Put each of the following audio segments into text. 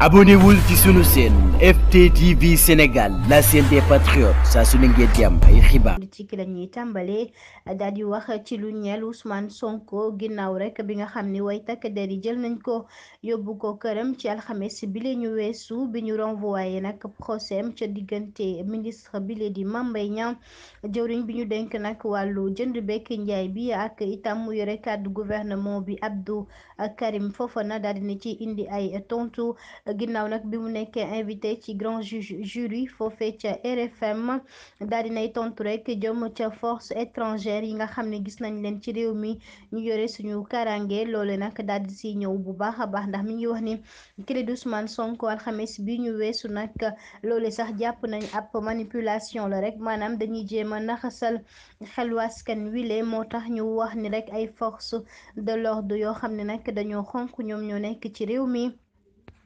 abonnez-vous ci sunu chaîne FTTV Sénégal la chaîne des saa su ne ngeen ay xibaar. politique la tàmbalee daal di wax ci lu ñeel Ousmane Sonko ginnaaw rek bi nga xam ni way takk der yi jël nañ ko yóbbu ko këram ci alxames bile ñu weesu bi ñu renvoyé nag procès am ca diggante ministre bile di Mame Mbaye Niang jëwriñ bi ñu dénk nag wàllu jënd bekk njaay bi ak itam mu yore kàddu gouvernement bi Abdou Karim Fofana daal di ci indi ay tontu. ginnaaw nak bi mu invité ci grand jury fofé ci RFM dal dinay tontu rek jëm ci force étrangère yi nga xamné gis nañ leen ci réew mi ñu yoré suñu karange lolé nak dal di ci ñëw bu baax baax ndax mi ngi wax ni kii Ousmane Sonko alxames bi ñu wéssu nak lolé sax japp nañ app manipulation la rek manam dañuy jéem a naxasal xelu askan wile moo ñu wax ni rek ay force de l'ordre yo xamné nak dañoo xonk ñom ñoo nekk ci réew mi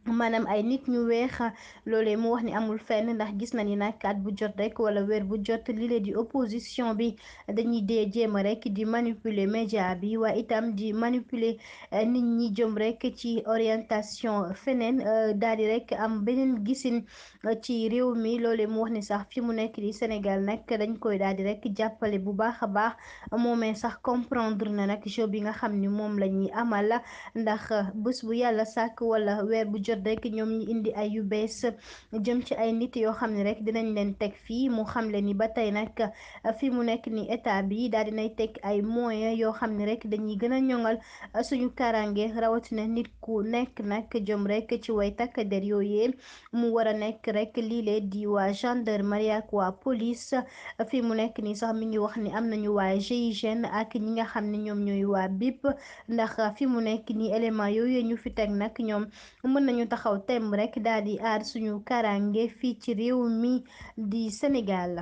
maanaam ay nit ñu weex loole mu wax ni amul fenn ndax gis na ni nag at bu jot rek wala weer bu jot lile di opposition bi dañuy dee jéem rek di manipuler média bi waaye itam di manipuler eh, nit ñi jëm rek ci orientation feneen eh, daal di rek am beneen gisin eh, ci réew mi loole mu wax ni sax fi mu nekk di Sénégal nag dañ koy daal di rek jàppale bu baax a baax moomee sax comprendre na nag jeu bi nga xam ni moom la ñuy amal ndax bu yàlla sàkk wala weer culture rek ñoom ñu indi ay yu bees jëm ci ay nit yoo xam ne rek dinañ leen teg fii mu xam le ni ba tey nag mu nekk ni état bi daal dinay teg ay moyens yoo xam ne rek dañuy gën a ñoŋal suñu karange rawatina nit ku nekk nag jëm rek ci way takk der yooyee mu war a nekk rek lii lee di waa gendarmerie ak waa police fi mu nekk ni sax mi ngi wax ni am nañu waa GIGN ak ñi nga xam ne ñoom ñooy waa BIP ndax fi mu nekk ni élément yooyu ñu fi teg nag ñoom ñu taxaw temb rekk daal di aar suñu karange fii ci réew mi di Sénégal.